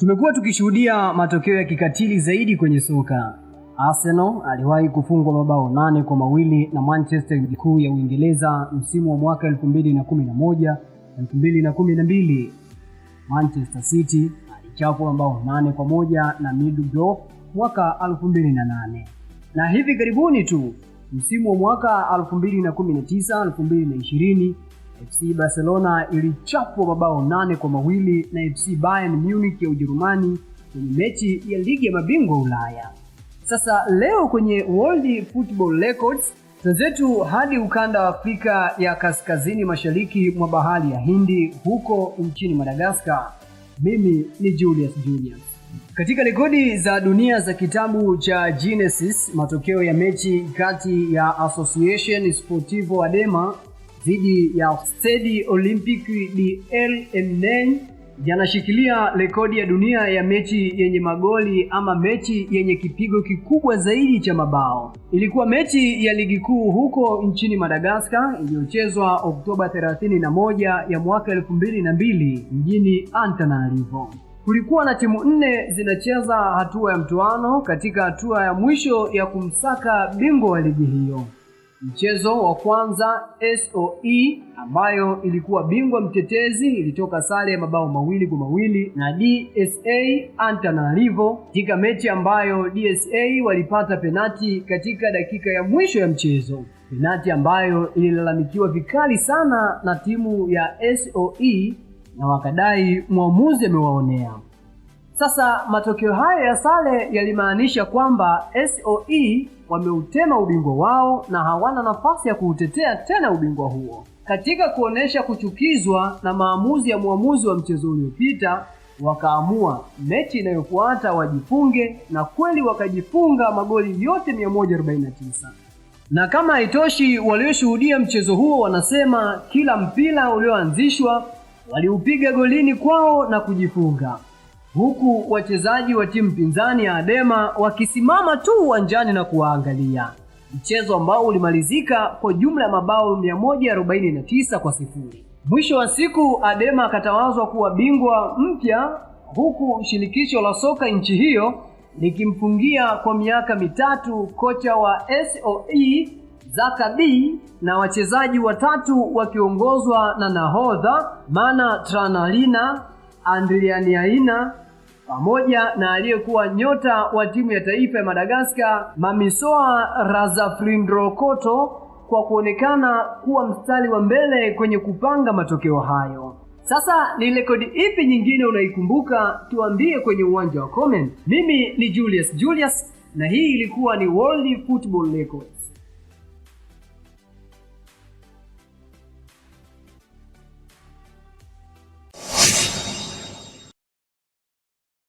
Tumekuwa tukishuhudia matokeo ya kikatili zaidi kwenye soka. Arsenal aliwahi kufungwa mabao nane kwa mawili na Manchester, ligi kuu ya Uingereza, msimu wa mwaka 2011 2012. Manchester City alichapwa mabao nane kwa moja na Middlesbrough mwaka 2008, na hivi karibuni tu msimu wa mwaka 2019 2020 FC Barcelona ilichapwa mabao nane kwa mawili na FC Bayern Munich ya Ujerumani kwenye mechi ya ligi ya mabingwa Ulaya. Sasa leo kwenye World Football Records twenzetu hadi ukanda wa Afrika ya kaskazini mashariki mwa bahari ya Hindi huko nchini Madagaskar. Mimi ni Julius Julius. Katika rekodi za dunia za kitabu cha genesis matokeo ya mechi kati ya Association Sportivo Adema dhidi ya Stade Olympique de L'Emnen yanashikilia rekodi ya dunia ya mechi yenye magoli ama mechi yenye kipigo kikubwa zaidi cha mabao. Ilikuwa mechi ya ligi kuu huko nchini Madagaskar iliyochezwa Oktoba 31 ya mwaka 2002 mjini Antananarivo. Kulikuwa na timu nne zinacheza hatua ya mtoano katika hatua ya mwisho ya kumsaka bingwa wa ligi hiyo. Mchezo wa kwanza SOE ambayo ilikuwa bingwa mtetezi ilitoka sare ya mabao mawili kwa mawili na DSA Antananarivo katika mechi ambayo DSA walipata penati katika dakika ya mwisho ya mchezo, penati ambayo ililalamikiwa vikali sana na timu ya SOE na wakadai mwamuzi amewaonea. Sasa matokeo hayo ya sare yalimaanisha kwamba SOE wameutema ubingwa wao na hawana nafasi ya kuutetea tena ubingwa huo. Katika kuonesha kuchukizwa na maamuzi ya mwamuzi wa mchezo uliopita, wakaamua mechi inayofuata wajifunge, na kweli wakajifunga magoli yote 149. Na kama haitoshi, walioshuhudia mchezo huo wanasema kila mpira ulioanzishwa waliupiga golini kwao na kujifunga huku wachezaji wa timu pinzani ya Adema wakisimama tu uwanjani na kuwaangalia, mchezo ambao ulimalizika kwa jumla ya mabao 149 kwa sifuri. Mwisho wa siku Adema akatawazwa kuwa bingwa mpya, huku shirikisho la soka nchi hiyo likimfungia kwa miaka mitatu kocha wa SOE Zaka B na wachezaji watatu wakiongozwa na nahodha Mana Tranalina Andrian Aina pamoja na aliyekuwa nyota wa timu ya taifa ya Madagaskar Mamisoa Razaflindrokoto kwa kuonekana kuwa mstari wa mbele kwenye kupanga matokeo hayo. Sasa ni rekodi ipi nyingine unaikumbuka? Tuambie kwenye uwanja wa comment. Mimi ni Julius Julius na hii ilikuwa ni World Football Records.